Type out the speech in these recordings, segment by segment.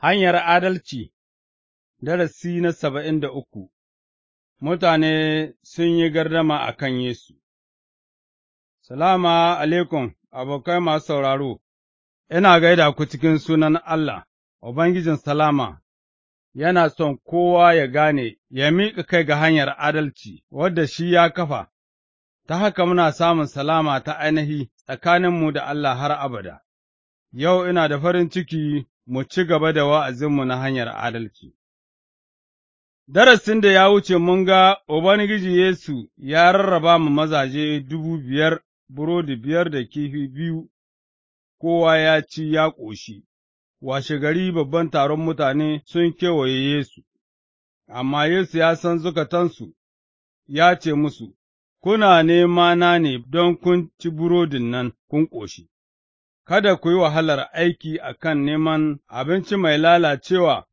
Hanyar adalci Darasi na saba'in da uku Mutane sun yi gardama a kan Yesu Salama alaikum abokai masu sauraro, ina gaida ku cikin sunan Allah, Ubangijin Salama, yana son kowa ya gane ya miƙa kai ga hanyar adalci wadda shi ya kafa, ta haka muna samun salama ta ainihi tsakaninmu da Allah har abada. Yau ina da farin ciki mu ci gaba da wa'azinmu na hanyar adalci. Darasin da ya wuce mun ga Ubangiji Yesu ya rarraba mu mazaje dubu biyar burodi biyar da kifi biyu, kowa ya ci ya ƙoshi, washe gari babban taron mutane sun kewaye Yesu, amma Yesu ya san zukatansu, ya ce musu, Kuna nema na ne don kun ci burodin nan kun ƙoshi, kada ku yi wahalar aiki a kan neman abinci mai lalacewa,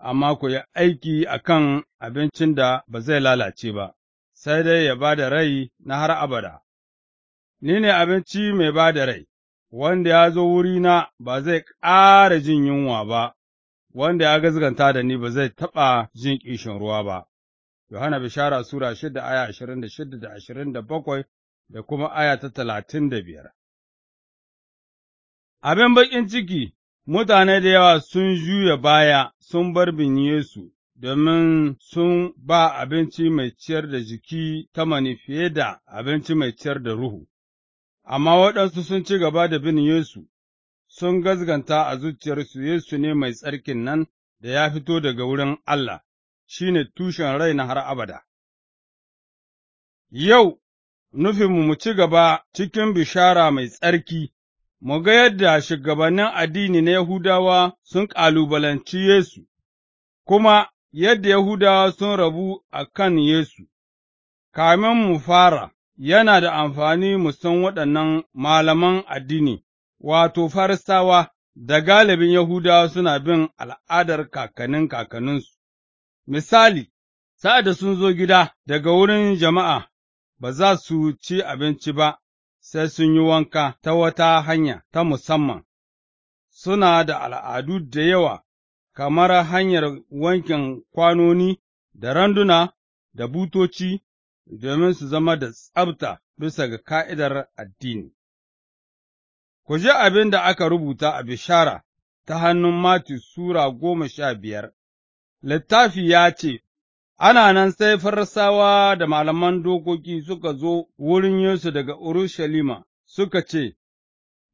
amma ku yi aiki a kan abincin da ba zai lalace ba, sai dai ya ba da rai na har abada. Ni ne abinci mai ba da rai, wanda ya zo wurina ba zai ƙara jin yunwa ba, wanda ya gazganta da ni ba zai taɓa jin ƙishin ruwa ba. Yohana Bishara Sura shida aya ashirin da shida da ashirin da bakwai da kuma aya ta talatin da biyar. Abin baƙin ciki, mutane da yawa sun juya baya sun bar bin Yesu, domin sun ba abinci mai ciyar da jiki ta fiye da abinci mai ciyar da ruhu, amma waɗansu sun ci gaba da bin Yesu, sun gazganta a zuciyarsu Yesu ne mai tsarkin nan da ya fito daga wurin Allah, shi ne tushen rai na har abada. Yau, nufinmu mu ci gaba cikin bishara mai tsarki. mu ga yadda shugabannin addini na Yahudawa sun ƙalubalanci Yesu, kuma yadda Yahudawa sun rabu a kan Yesu, kamin mu fara, yana da amfani mu san waɗannan malaman addini, wato Farisawa da galibin Yahudawa suna bin al'adar kakannin kakanninsu. Misali, sa'ad da sun zo gida daga wurin jama'a, ba za su ci abinci ba, sai sun yi wanka ta wata hanya ta musamman, suna da al'adu da yawa, kamar hanyar wankin kwanoni da randuna da butoci domin su zama da tsabta bisa ga ka'idar addini. Ku ji abin da aka rubuta a bishara ta hannun Mati Sura goma sha biyar, littafi ya ce, Ana nan sai Farsawa da malaman dokoki suka zo wurin Yesu daga Urushalima suka ce,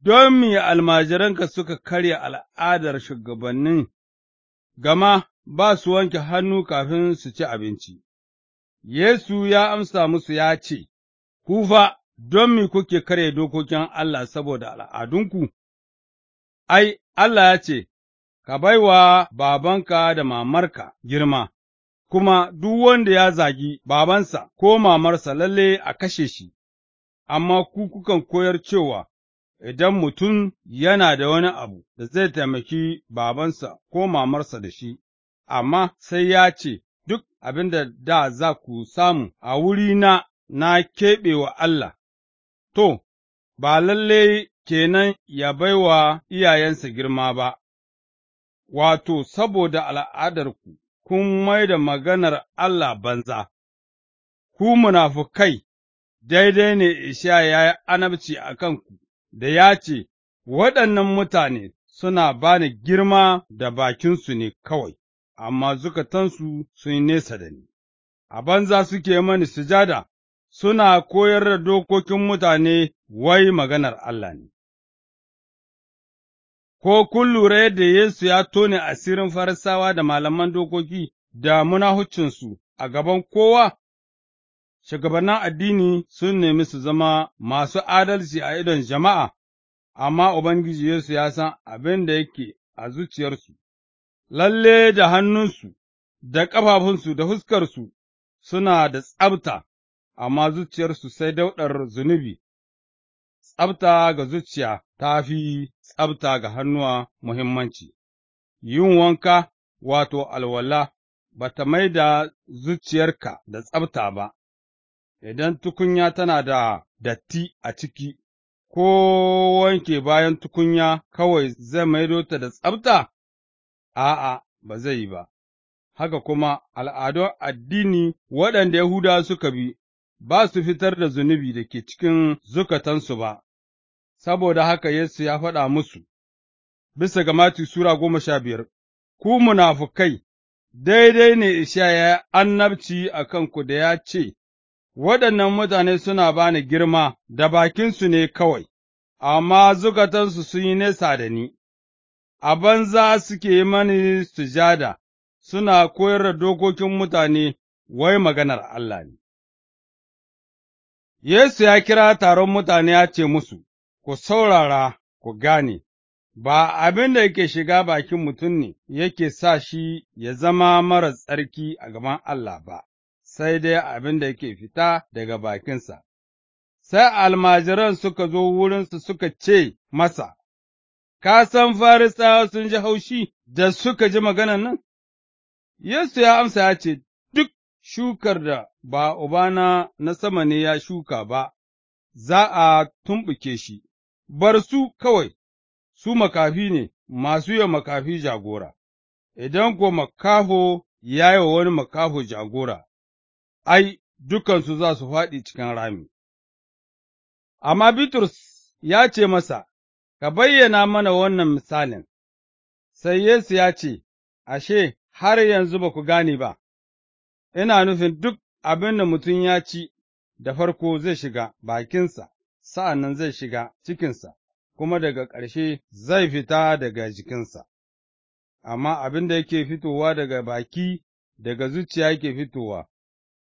Don me almajiranka suka karya al'adar shugabannin, gama ba su wanke hannu kafin su ci abinci. Yesu ya amsa musu ya ce, Kufa, don mi kuke karya dokokin Allah saboda al'adunku? Ai, Allah ya ce, Ka baiwa babanka da mamarka girma. kuma duk wanda ya zagi babansa ko mamarsa lalle a kashe shi, amma ku kukan koyar cewa idan mutum yana da wani abu da zai taimaki babansa ko mamarsa da shi, amma sai ya ce, Duk abin da da za ku samu a wurina na keɓe wa Allah, to, ba lalle kenan ya baiwa iyayensa girma ba, wato, saboda al'adarku kun mai da maganar Allah banza, ku munafukai, daidai ne Isha ya yi anabci a kanku, da ya ce, Waɗannan mutane suna ba ni girma da bakinsu ne kawai, amma zukatansu sun nesa da ni, a banza suke mani sujada, suna koyar da dokokin mutane wai maganar Allah ne. Ko kun lura yadda Yesu ya tone asirin Farisawa da malaman dokoki da munahucinsu a gaban kowa? Shugabannin addini sun nemi su zama masu adalci a idon jama'a, amma Ubangiji Yesu ya san abin da yake a zuciyarsu, lalle da hannunsu, da ƙafafunsu, da huskarsu suna da tsabta, amma zuciyarsu sai dauɗar zunubi, tsabta ga zuciya ta fi tsabta ga hannuwa muhimmanci. Yin wanka, wato alwala, ba ta mai da zuciyarka da tsabta ba, idan tukunya tana da datti a ciki, ko wanke bayan tukunya kawai zai maido ta da tsabta? A'a, ba zai yi ba. Haka kuma al'adun addini waɗanda Yahuda suka bi, ba su fitar da zunubi da ke cikin zukatansu ba. saboda haka Yesu ya faɗa musu, bisa ga Mati Sura goma sha biyar, Ku munafukai, daidai ne Ishaya ya annabci a kanku da ya ce, Waɗannan mutane suna ba ni girma da bakinsu ne kawai, amma zukatansu sun yi nesa da ni, a banza suke yi mani sujada, suna koyar da dokokin mutane wai maganar Allah ne. Yesu ya kira taron mutane ya ce musu, ku saurara ku gane, ba abin da yake shiga bakin mutum ne yake sa shi ya zama mara tsarki a gaban Allah ba, sai dai abin da yake fita daga bakinsa. Sai almajiran suka zo wurinsu suka ce masa, Ka san Farisawa sun ji haushi da suka ji magana nan? Yesu ya amsa ya ce, Duk shukar da ba Ubana na sama ne ya shuka ba, za a tumɓuke shi. bar su kawai, su makafi ne masu yi makafi jagora, idan ko makaho ya yi wa wani makaho jagora, ai, dukansu za su faɗi cikin rami. Amma Bitrus ya ce masa, Ka bayyana mana wannan misalin, sai Yesu ya ce, Ashe, har yanzu ba ku gane ba, ina nufin duk abin da mutum ya ci da farko zai shiga bakinsa, sa'an nan zai shiga cikinsa, kuma daga ƙarshe zai fita daga jikinsa. Amma abin da yake fitowa daga baki daga zuciya yake fitowa,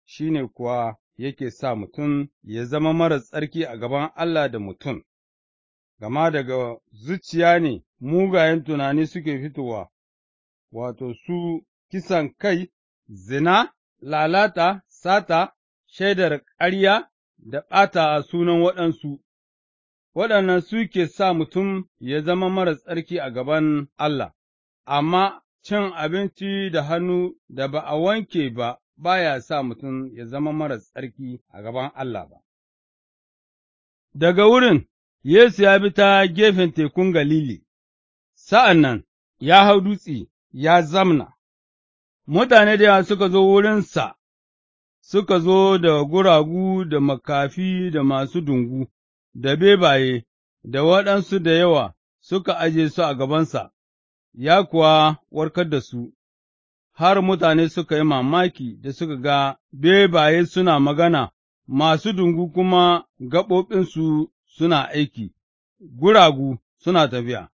shi ne kuwa yake sa mutum ya zama mara tsarki a gaban Allah da mutum, gama daga zuciya ne mugayen tunani suke fitowa, wato su kisan kai, zina, lalata, sata, shaidar ƙarya, da ɓata sunan waɗansu, waɗannan suke sa mutum ya zama maras tsarki a gaban Allah, amma cin abinci da hannu da ba a wanke ba baya sa mutum ya zama maras tsarki a gaban Allah ba. Daga wurin, Yesu ya bi ta gefen tekun Galili, sa'an nan ya hau dutse ya zamna, mutane da yawa suka zo wurinsa suka zo da guragu da makafi da masu dungu, da bebaye, da waɗansu da yawa suka aje su a gabansa, ya kuwa warkar da su, har mutane suka yi mamaki da suka ga bebaye suna magana, masu dungu kuma gaɓoɓinsu suna aiki, guragu suna tafiya,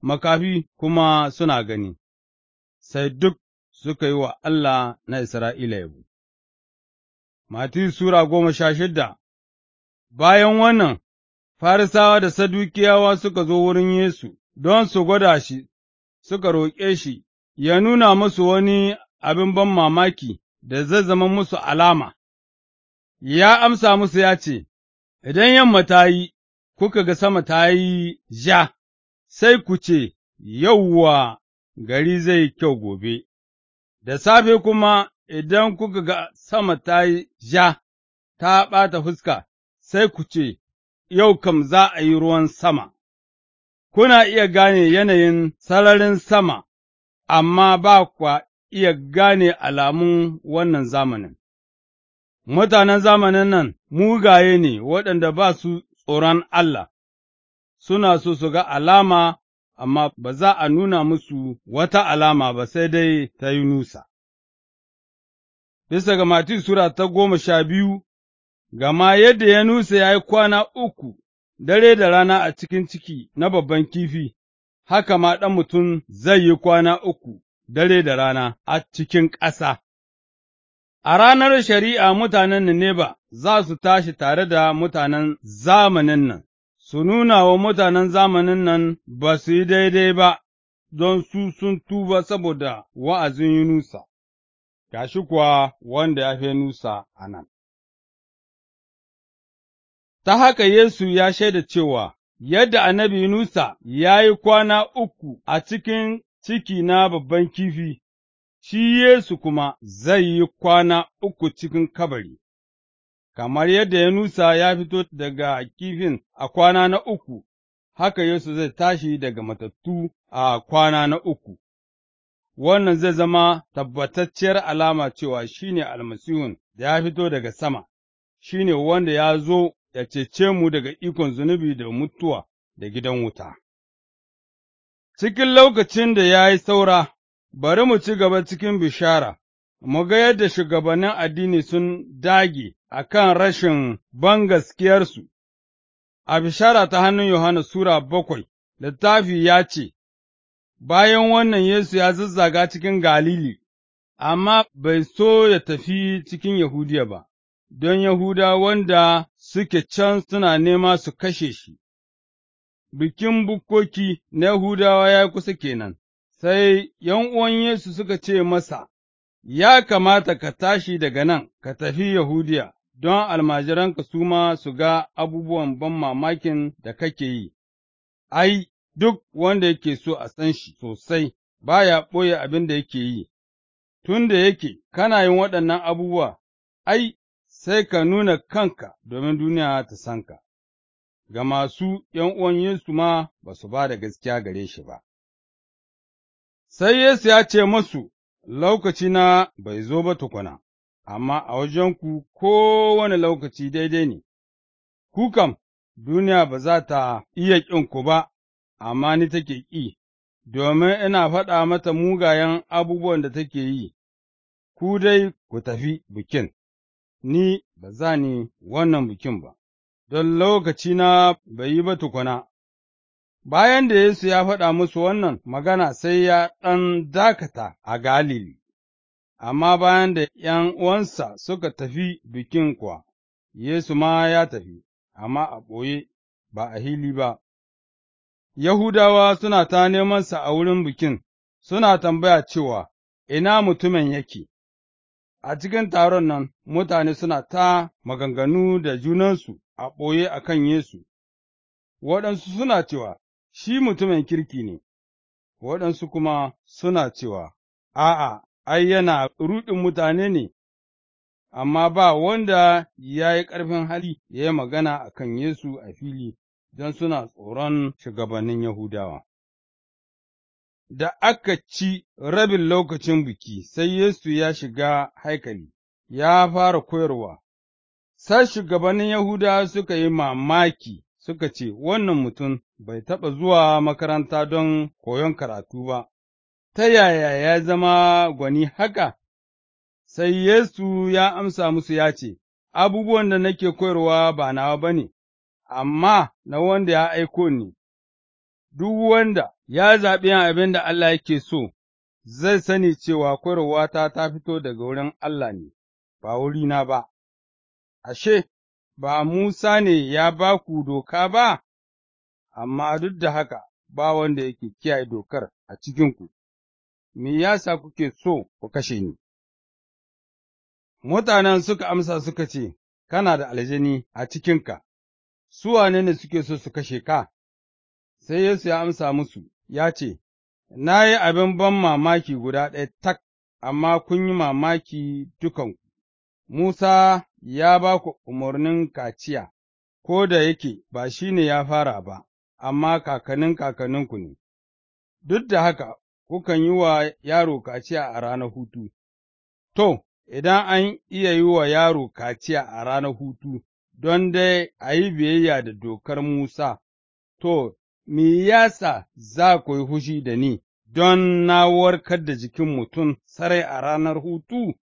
makafi kuma suna gani, sai duk suka yi wa Allah na Isra'ila yabo. Matiyu Sura goma sha shidda Bayan wannan, Farisawa da Sadukiyawa suka zo wurin Yesu don su gwada shi, suka roƙe shi, ya nuna musu wani abin ban mamaki da zai zama musu alama. Ya amsa musu ya ce, Idan yamma ta yi, kuka ga sama ta yi ja, sai ku ce, Yauwa, gari zai kyau gobe, da safe kuma idan kuka ga sama ta yi ja, ta ɓata fuska, sai ku ce, Yau kam za a yi ruwan sama, kuna iya gane yanayin sararin sama, amma ba kwa iya gane alamun wannan zamanin. Mutanen zamanin nan mugaye ne waɗanda ba su tsoron Allah, suna so su ga alama, amma ba za a nuna musu wata alama ba sai dai ta yi nusa. bisa ga Matiyu Sura ta goma sha biyu, gama yadda ya nusa ya yi kwana uku dare da rana a cikin ciki na babban kifi, haka ma ɗan mutum zai yi kwana uku dare da rana a cikin ƙasa. A ranar shari'a mutanen Nineba za su tashi tare da mutanen zamanin nan, su nuna wa mutanen zamanin nan ba su yi daidai ba, don su sun tuba saboda wa'azin nusa. gashi kuwa wanda ya fi Nusa a nan. Ta haka Yesu ya shaida cewa, Yadda annabi Nusa ya yi kwana uku a cikin ciki na babban kifi, shi Yesu kuma zai yi kwana uku cikin kabari, kamar yadda ya Nusa ya fito daga kifin a kwana na uku, haka Yesu zai tashi daga matattu a kwana na uku. wannan zai zama tabbatacciyar alama cewa shi ne almasihun da ya fito daga sama, shi ne wanda ya zo ya cece mu daga ikon zunubi da mutuwa da gidan wuta. Cikin lokacin da ya yi saura, bari mu ci gaba cikin bishara, mu ga yadda shugabannin addini sun dage a kan rashin bangaskiyarsu. A bishara ta hannun Yohana Sura bakwai, littafi ya ce, Bayan wannan Yesu ya zazzaga cikin Galili, amma bai so ya tafi cikin Yahudiya ba, don Yahuda wanda suke can suna nema su kashe shi. Bikin bukkoki na Yahudawa ya kusa kenan, sai uwan Yesu suka ce masa, Ya kamata ka tashi daga nan ka tafi Yahudiya, don almajiranka su ma su ga abubuwan ban mamakin da kake yi. Ai, duk wanda yake so a san shi sosai ba ya ɓoye abin da yake yi, tun da yake kana yin waɗannan abubuwa, ai, sai ka nuna kanka domin duniya ta san ka, ga masu uwan Yesu ma ba su ba da gaskiya gare shi ba. Sai Yesu ya ce masu, Lokacina bai zo ba tukuna, amma a wajenku kowane lokaci daidai ne, kukan duniya ba za ta iya ƙinku ba, amma ni take ƙi, domin ina faɗa mata mugayen abubuwan da take yi, ku dai ku tafi bikin, ni ba za ni wannan bikin ba, don lokacina bai yi ba tukuna. Bayan da Yesu ya faɗa musu wannan magana sai ya ɗan dakata a Galili, amma bayan da ’yan uwansa suka tafi bikin kuwa, Yesu ma ya tafi, amma a ɓoye, ba a hili ba. Yahudawa suna ta neman nemansa a wurin bikin, suna tambaya cewa, Ina mutumin yake, a cikin taron nan mutane suna ta maganganu da junansu a ɓoye a kan Yesu, waɗansu suna cewa, Shi mutumin kirki ne, waɗansu kuma suna cewa, A'a, ai, yana ruɗin mutane ne, amma ba wanda ya yi ƙarfin hali ya yi magana a kan Yesu a fili. don suna tsoron shugabannin Yahudawa. Da aka ci rabin lokacin biki, sai Yesu ya shiga haikali, ya fara koyarwa, sai shugabannin Yahudawa suka yi mamaki suka ce, Wannan mutum bai taɓa zuwa makaranta don koyon karatu ba, ta yaya ya zama gwani haka? Sai Yesu ya amsa musu ya ce, Abubuwan da nake koyarwa ba nawa ba ne, amma na wanda ya aiko ni, duk wanda ya zaɓi yin abin da Allah yake so, zai sani cewa koyarwata ta fito daga wurin Allah ne, ba wurina ba, ashe, ba Musa ne ya ba ku doka ba, amma duk da haka ba wanda yake kiyaye dokar a cikinku, me ya sa kuke so ku kashe ni? Mutanen suka amsa suka ce, Kana da aljani a cikinka, Su wane ne suke so su kashe ka? Sai Yesu ya amsa musu, ya ce, Na yi abin ban mamaki guda ɗaya tak, amma kun yi mamaki dukanku. Musa ya ba ku umarnin kaciya, ko da yake ba shi ne ya fara ba, amma kakanin kakaninku ne, duk da haka kukan yi wa yaro kaciya a ranar hutu, to, idan an iya yi wa yaro kaciya a ranar hutu, don dai a yi biyayya da dokar Musa, to, me yasa za ku yi fushi da ni don na warkar da jikin mutum sarai a ranar hutu?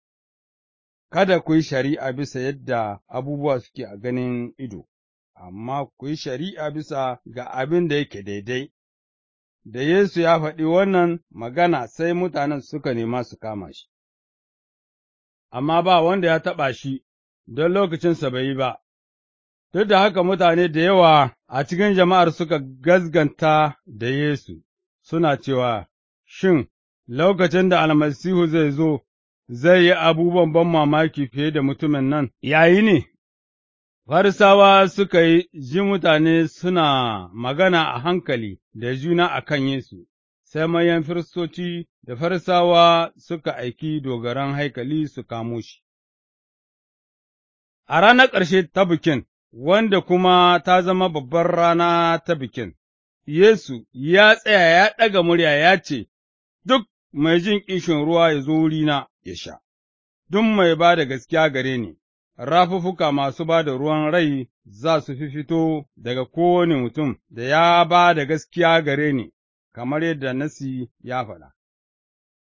Kada ku yi shari'a bisa yadda abubuwa suke a ganin ido, amma ku yi shari'a bisa ga abin da yake daidai. Da Yesu ya faɗi wannan magana sai mutanen suka nema su kama shi, amma ba wanda ya taɓa shi don lokacinsa bai yi ba. duk da haka mutane da yawa a cikin jama'ar suka gazganta da Yesu, suna cewa, Shin, lokacin da almasihu zai zo, zai yi abubuwan ban mamaki fiye da mutumin nan, yayi ne, Farisawa suka yi ji mutane suna magana a hankali da juna a kan Yesu, sai manyan firistoci da farisawa suka aiki dogaran haikali su kamo shi. A ranar ƙarshe ta bikin, wanda kuma ta zama babbar rana ta bikin, Yesu ya tsaya ya ɗaga murya ya ce, Duk mai jin ƙishin ruwa ya zo wurina ya sha, duk mai ba da gaskiya gare ni, rafuffuka masu ba da ruwan rai za su fi fito daga kowane mutum da ya ba da gaskiya gare ni, kamar yadda Nasi ya faɗa.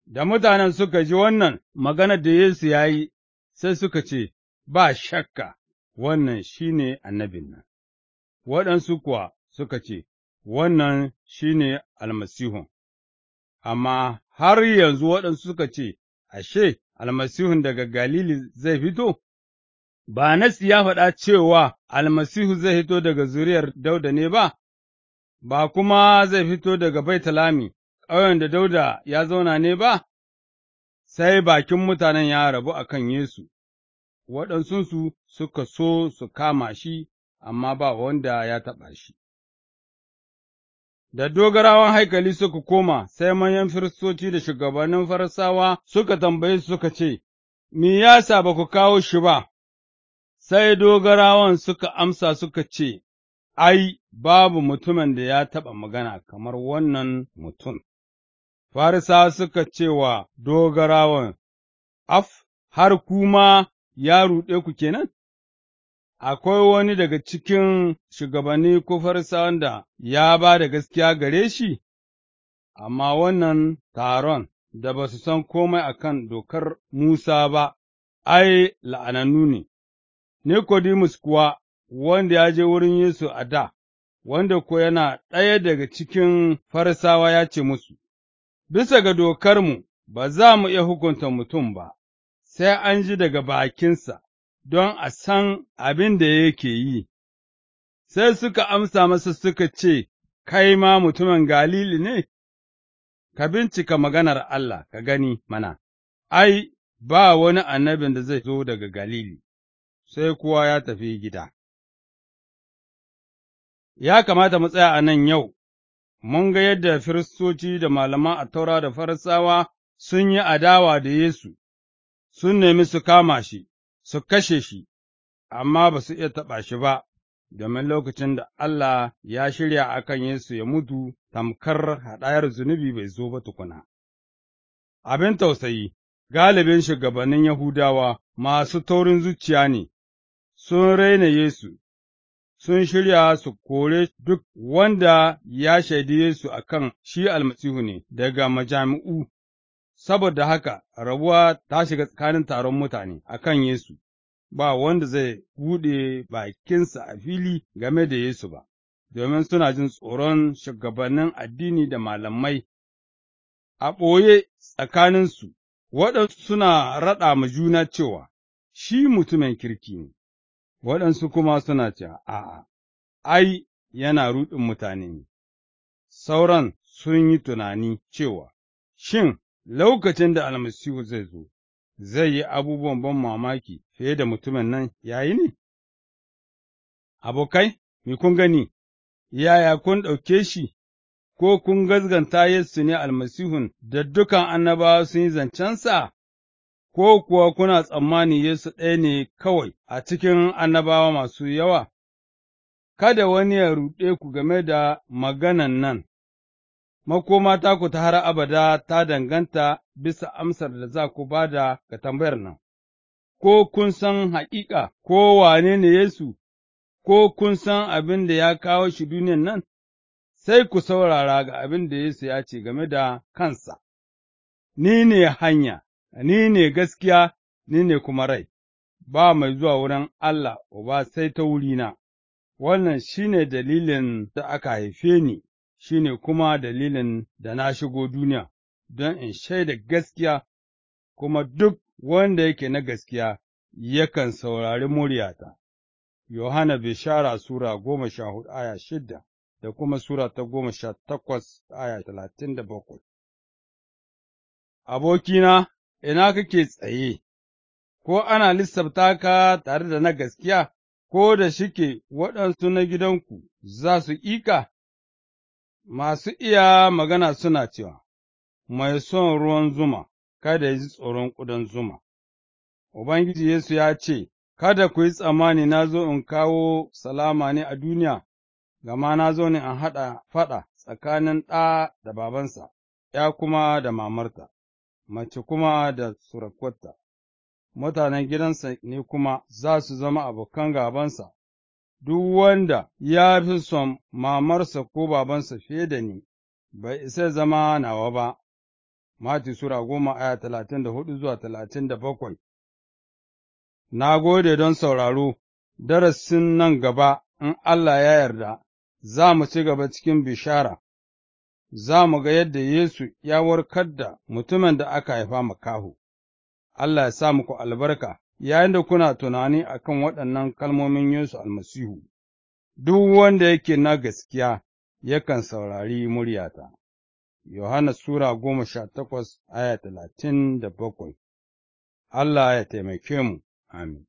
Da mutanen suka ji wannan maganar da Yesu ya yi, sai suka ce, Ba shakka, wannan shi ne annabin nan, waɗansu kuwa suka ce, wannan shi ne almasihun, amma har yanzu waɗansu suka ce, Ashe, almasihun daga Galili zai fito? Ba Nasi ya faɗa cewa almasihu zai fito daga zuriyar Dauda ne ba, ba kuma zai fito daga Baitalami, ƙauyen da Dauda ya zauna ne ba, sai bakin mutanen ya rabu a kan Yesu. waɗansunsu suka so su kama shi, amma ba wanda ya taɓa shi. Da dogarawan haikali suka koma, sai manyan firistoci da shugabannin farisawa suka tambaye suka ce, Me yasa ba ku kawo shi ba, sai dogarawan suka amsa suka ce, Ai, babu mutumin da ya taɓa magana kamar wannan mutum. Farisawa suka ce wa dogarawan, Af, har kuma ya ruɗe ku kenan? Akwai wani daga cikin shugabanni ko farisawan da ya ba da gaskiya gare shi, amma wannan taron da ba su san komai a kan dokar Musa ba, ai, la'anannu ne, Nikodimus kuwa wanda ya je wurin Yesu a da, wanda ko yana ɗaya daga cikin farisawa ya ce musu, Bisa ga dokarmu, ba za mu iya hukunta mutum ba, sai an ji daga bakinsa, don a san abin da yake yi. Sai suka amsa masa suka ce, Kai ma mutumin Galili ne? Ka bincika maganar Allah ka gani mana, ai, ba wani annabin da zai zo daga Galili, sai kuwa ya tafi gida. Ya kamata mu tsaya a nan yau, mun ga yadda firistoci da malaman a taura da farisawa sun yi adawa da Yesu, sun nemi su kama shi, su kashe shi, amma ba su iya taɓa shi ba, domin lokacin da Allah ya shirya akan Yesu ya mutu tamkar haɗayar zunubi bai zo ba tukuna. Abin tausayi, galibin shugabannin Yahudawa masu taurin zuciya ne, sun raina Yesu, sun shirya su kore duk wanda ya shaidi Yesu akan shi almasihu ne daga majami'u saboda haka rabuwa ta shiga tsakanin taron mutane a kan Yesu, ba wanda zai buɗe bakinsa a fili game da Yesu ba, domin suna jin tsoron shugabannin addini da malamai a ɓoye tsakaninsu, waɗansu suna raɗa ma juna cewa shi mutumin kirki ne, waɗansu kuma suna cewa a'a, ai, yana ruɗin mutane ne, sauran sun yi tunani cewa, shin lokacin da almasihu zai zo, zai yi abubuwan ban mamaki fiye da mutumin nan yayi ne? Abokai, me kun gani, yaya kun ɗauke shi, ko kun gazganta Yesu ne almasihun da dukan annabawa sun yi zancensa, ko kuwa kuna tsammani Yesu ɗaya ne kawai a cikin annabawa masu yawa? Kada wani ya ruɗe ku game da maganan nan. makoma ku ta har abada ta danganta bisa amsar da za ku ba da ga tambayar nan, ko kun san haƙiƙa ko wane ne Yesu, ko kun san abin da ya kawo shi duniyan nan, sai ku saurara ga abin da Yesu ya ce game da kansa, Ni ne hanya, ni ne gaskiya, ni ne kuma rai, ba mai zuwa wurin Allah, uba sai ta wurina, wannan shi ne dalilin da aka haife ni. shi ne kuma dalilin da na shigo duniya, don in shaida gaskiya, kuma duk wanda yake na gaskiya yakan saurari muryata. Yohana Bishara Sura goma sha hudu aya shidda da kuma Sura ta goma sha takwas aya talatin da bakwai. Abokina, ina kake tsaye, ko ana lissafta ka tare da na gaskiya, ko da shike waɗansu na gidanku za su ika, Masu iya magana suna cewa, Mai son ruwan zuma, kada ya ji tsoron ƙudan zuma. Ubangiji Yesu ya ce, Kada ku yi tsammani na zo in kawo salama ne a duniya, gama na zo ne in haɗa faɗa tsakanin ɗa da babansa, ’ya kuma da mamarta, mace kuma da surakwarta, mutanen gidansa ne kuma za su zama abokan gabansa duk wanda ya fi son mamarsa ko babansa fiye da ni, bai isa zama nawa ba. Mati Sura goma aya talatin da hudu zuwa talatin da bakwai Na gode don sauraro, darasin nan gaba in Allah ya yarda, za mu ci gaba cikin bishara, za mu ga yadda Yesu ya warkar da mutumin da aka haifa makaho. Allah ya sa muku albarka. yayin da kuna tunani a kan waɗannan kalmomin Yesu almasihu, duk wanda yake na gaskiya yakan saurari muryata. Yohana Sura goma sha takwas aya talatin da bakwai Allah ya taimake mu, amin.